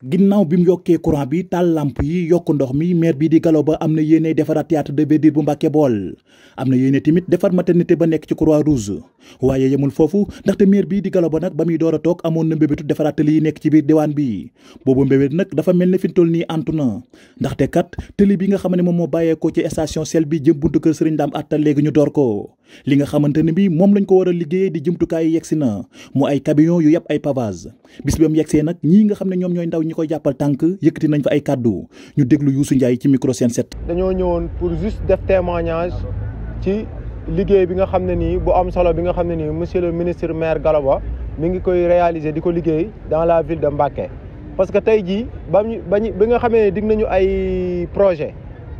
ginnaaw bi mu yokkee courant bi taal lamp yi yokk ndox mi maire bii di galo Ba am na yéene defaraat théâtre de verdure bu Mbàkke Bool am na yéene tamit defar maternité ba nekk ci Croix Rouge waaye yemul foofu ndaxte maire bii di Gallo Ba nag ba muy door a toog amoon na mbébétu defaraat tëli yi nekk ci biir diwaan bi boobu mbébét nag dafa mel ne fi mu toll nii antu na ndaxte kat tëli bi nga xam ne moom moo bàyyee ko ci station sel bi jëm buntu kër Sëriñ Daam Atta ñu door ko li nga xamante ne bi moom lañ ko war a liggéeyee di jumtukaay yegsi na mu ay camion yu yàpp ay pavage bis bi am yegsee nag ñii nga xam ne ñoom ñooy ndaw ñi koy jàppal tànk yëkkati nañ fa ay kàddu ñu déglu Youssou Ndiaye ci micro Sen dañoo ñëwoon pour juste def témoignage ci liggéey bi nga xam ne nii bu am solo bi nga xam ne nii monsieur le ministre maire Gallo Ba mi ngi koy réaliser di ko liggéey dans la ville de Mbacké. parce que tey jii ba ñu ba nga xamee ne dig nañu ay projet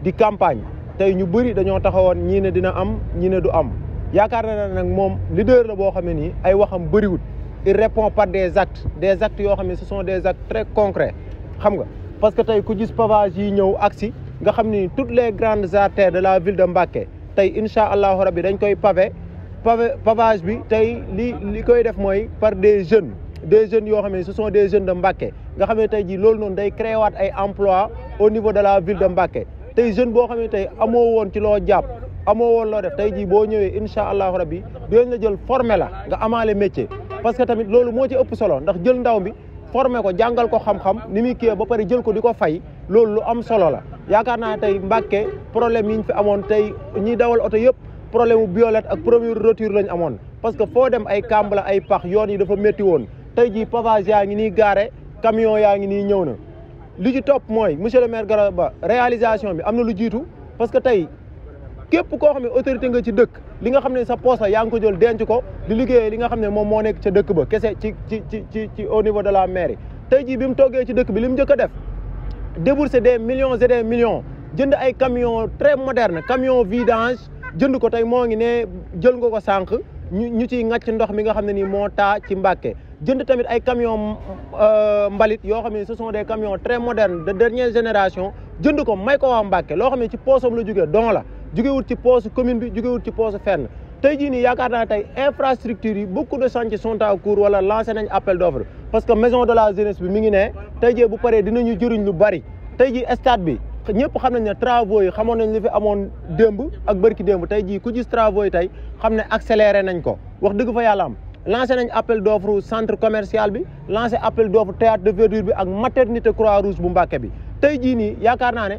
di campagne tey ñu bëri dañoo taxawoon ñii ne dina am ñii ne du am yaakaar na ne nag moom leader la boo xam ne nii ay waxam bëriwul. il répond par des actes des actes yo ce sont des actes très concrets xam nga parce que tay ku gis pavage yi ñew agsi nga xamni toutes les grandes artères de la ville de Mbacké tay inshallah allahu rabbi dañ koy pavé pavage bi tay li li koy def moy par des jeunes des jeunes yo xam ce sont des jeunes de Mbacké nga xam tay ji lool non day créer créewaat ay emplois au niveau de la ville de Mbacké tay jeune bo xam tay amo won ci lo japp amoo woon loo def tey jii boo ñëwee incha allahu rabbi dinañ la jël formé la nga amaale métier parce que tamit loolu moo ci ëpp solo ndax jël ndaw mi formé ko jàngal ko xam-xam ni muy kii ba pare jël ko di ko fay loolu lu am solo la yaakaar naa tey Mbàkke problème yi ñu fi amoon tey ñiy dawal oto yëpp problème bu violette ak première roture lañ amoon parce que foo dem ay kàmb la ay pax yoon yi dafa métti woon tey jii pavage yaa ngi ni gaare camion yaa ngi nii ñëw na li ci topp mooy monsieur le maire Garaba réalisation bi am na lu jiitu parce que tey képp koo xam ne autorité nga ci dëkk li nga xam ne sa poste la yaa ngi ko jël denc ko di liggéeyee li nga xam ne moom moo nekk ca dëkk ba kese ci ci ci ci au niveau de la mairie tey jii bi mu toggee ci dëkk bi li mu jëkk a def débourser des millions et des millions jënd ay camion très moderne camion vidange jënd ko tey moo ngi ne jël nga ko sànq ñu ñu ciy ŋàcc ndox mi nga xam ne nii moo taa ci Mbàkke jënd tamit ay camion euh, mbalit yoo xam ne ce sont des camions très modernes de dernière génération jënd ko may ko waa loo xam ne ci poosam la jógee don la jugewut ci poche commune bi jugewut ci poche fenn tey jii nii yaakaar naa tey infrastructure yi beaucoup de chantiers sont en cours wala lancé nañ appel d'offre parce que maison de la jeunesse bi mi ngi ne tey jii bu paree dinañu jëriñ lu bari tey jii stade bi ñëpp xam nañ ne travaux yi xamoon nañ li fi amoon démb ak bërki démb tey jii ku gis travaux yi tey xam ne accéléré nañ ko wax dëgg fa yàlla am lancé nañ appel d'offre centre commercial bi lancé appel d'offre théâtre de verdure bi ak maternité Croix-Rouge bu Mbacké bi tey jii nii ne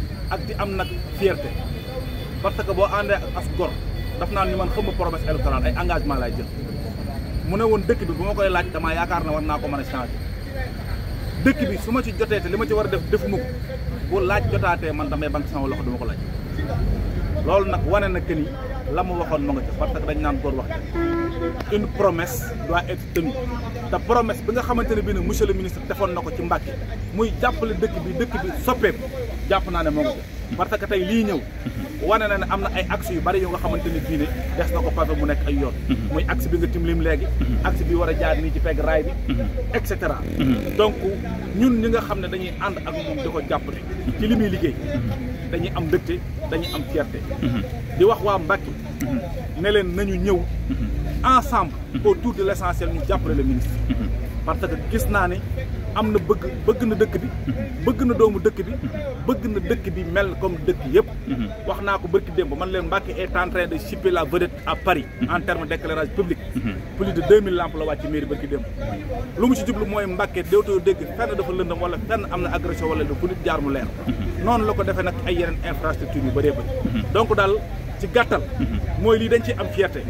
ak di am nag fierté parce que boo àndee ak as gor daf naa ni man xam ma promesse électorale ay engagement laay jël mu ne woon dëkk bi bu ma koy laaj damaa yaakaar na war naa ko mën a changer dëkk bi su ma ci jotee te li ma ci war a def defuma ko bu laaj jotaatee man damay banque sama loxo du ma ko laaj loolu nag wane na que lam mu waxoon ma nga ca parce que dañ naan góor wax une promesse doit être tenue te promesse bi nga xamante ne bii nag monsieur le ministre defoon na ko ci Mbàkke muy jàppale dëkk bi dëkk bi soppeeku jàpp naa ne moo nga ca parce que tey lii ñëw wane na ne am na ay axes yu bari yoo nga xamante ne bii ne des na ko pavé mu nekk ay yoon muy axe bi nga timlim léegi axe bi war a jaar nii ci pegg raay bi et cetera donc ñun ñi nga xam ne dañuy ànd ak moom di ko jàppale ci li muy liggéey dañuy am dëkte dañuy am fierté di wax waa ne leen nañu ñëw ensemble autour de l' essentiel ñu jàppale le ministre parce que gis naa ne am na bëgg bëgg na dëkk bi bëgg na doomu dëkk bi bëgg na dëkk bi mel comme dëkk yëpp wax naa ko bërki démb man leen Mbacké est en train de chipper la vedette à Paris en termes d' éclairage public plus de 2000 lampes la wàcc mairie bërki démb lu mu ci jublu mooy Mbacké dootoo dégg fenn dafa lëndam wala fenn am na agression wala lu fu nit jaar mu leer noonu la ko defee nag ay yeneen infrastructure yu bëree bëri donc ci gàttal mooy lii dañ ci am fierté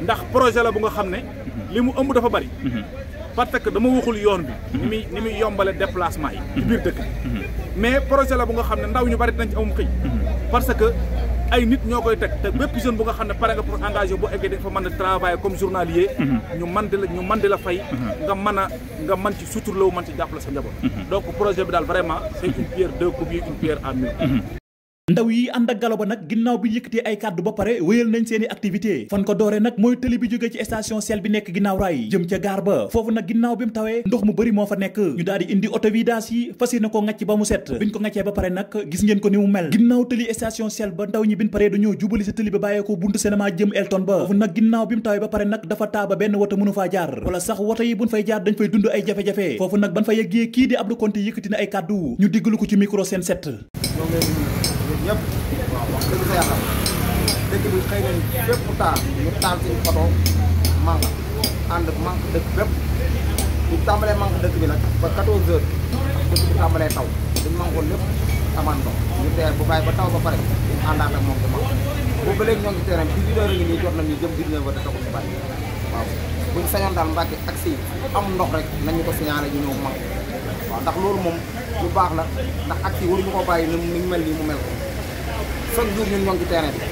ndax projet la bu nga xam ne li mu ëmb dafa bari parce que dama waxul yoon bi ni muy ni muy yombale déplacement yi ci biir dëkk mais projet la bu nga xam ne ndaw ñu bari dinañ ci amum xëy parce que ay nit ñoo koy teg te bépp jeune bu nga xam ne pare nga pour engagé boo eggee dafa mën a travailler comme journalier ñu man di la ñu man di la fay nga mën a nga man ci suturlawu man ci jàppale sa njaboot donc projet bi daal vraiment c'est une ndaw yi ànd ak galo ba nag ginnaaw bi ñu yëkkatee ay kàddu ba pare wéyal nañ seeni activité fan ko dooree nag mooy tëli bi jógee ci station sel bi nekk ginnaaw raay jëm ca gaar ba foofu nag ginnaaw bi mu tawee ndox mu bëri moo fa nekk ñu daal di indi oto vidange yi fas yéene ko ngàcc ba mu set biñ ko ngàccee ba pare nag gis ngeen ko ni mu mel ginnaaw tëli station sel ba ndaw ñi biñ paree dañoo jubali sa tëli ba bàyyee ko buntu cinéma jëm Elton ba foofu nag ginnaaw bi taa ba benn woto mënu wala sax woto yi buñ fay jaar dañ fay dund ay jafe-jafe foofu nag ban fa yeggee kii di ay kàddu ñu diggalu ko ci micro seen set ñëpp waaw wax dëgg fa yàlla dëkk bi xëy na fépp taal ñu taal suñu photo manque ànd manque dëkk bépp bu tàmbalee manque dëkk bi nag ba 14 heures bu ci tàmbalee taw dañ lépp amaan ndox ñu teel bu bàyyi ba taw ba pare ñu àndaat ak moom di manque boobu ba léegi ñoo ngi terrain bi di a ngi nii jot nañu jëm 19 heures te taxul bàyyi waaw buñ sañoon daal mbàkke ak si am ndox rek nañu ko signalé ñu ñëw manque waaw ndax loolu moom lu baax la ndax ak si waruñu ko bàyyi ni mu mel nii mu mel ko chaque jour ñun ñoo ngi ci terrain bi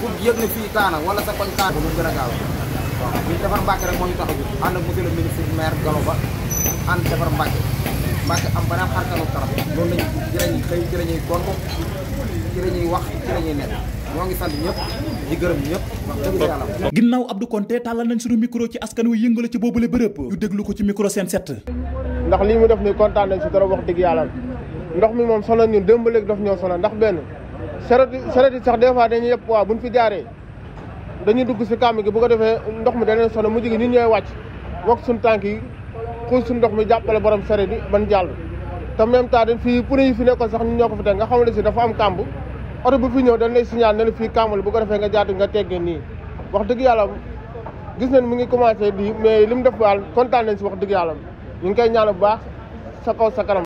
pour yëg taana wala sa koñ taana lu gën a gaaw waaw ñun defar Mbàkke rek moo ñu tax a jóg ànd ak monsieur le ministre maire Gallo Ba ànd defar Mbàkke Mbàkke am banaa xarkanu taraf ci lañuy xëy ci lañuy gontu ci lañuy wax ci lañuy nekk moo ngi sant ñëpp di gërëm ñëpp wax dëgg yàlla tàllal nañ suñu micro ci askan wi yëngale ci boobule bërëb ñu déglu ko ci micro seen set ndax lii mu def ni kontaan nañ si trop wax dëgg yàlla ndox mi moom sonal ñun démb léegi ñoo sonal ndax benn charette charette sax des fois dañuy yëpp waa buñ fi jaaree dañuy dugg si kàmm gi bu ko defee ndox mi dana sono mu jigi nit ñooy wàcc wokk suñ tànk yi xuus suñ ndox mi jàppale borom charette yi ban jàll te même temps dañ fii pune yi fi nekkoon sax ñun ñoo ko fi teg nga xam si dafa am kàmb oto bu fi ñëw dañ lay signal ne la fii la bu nga nga teggee nii wax dëgg yàlla gis nañ mu ngi commencé di mais li def baal kontaan nañ si wax dëgg yàlla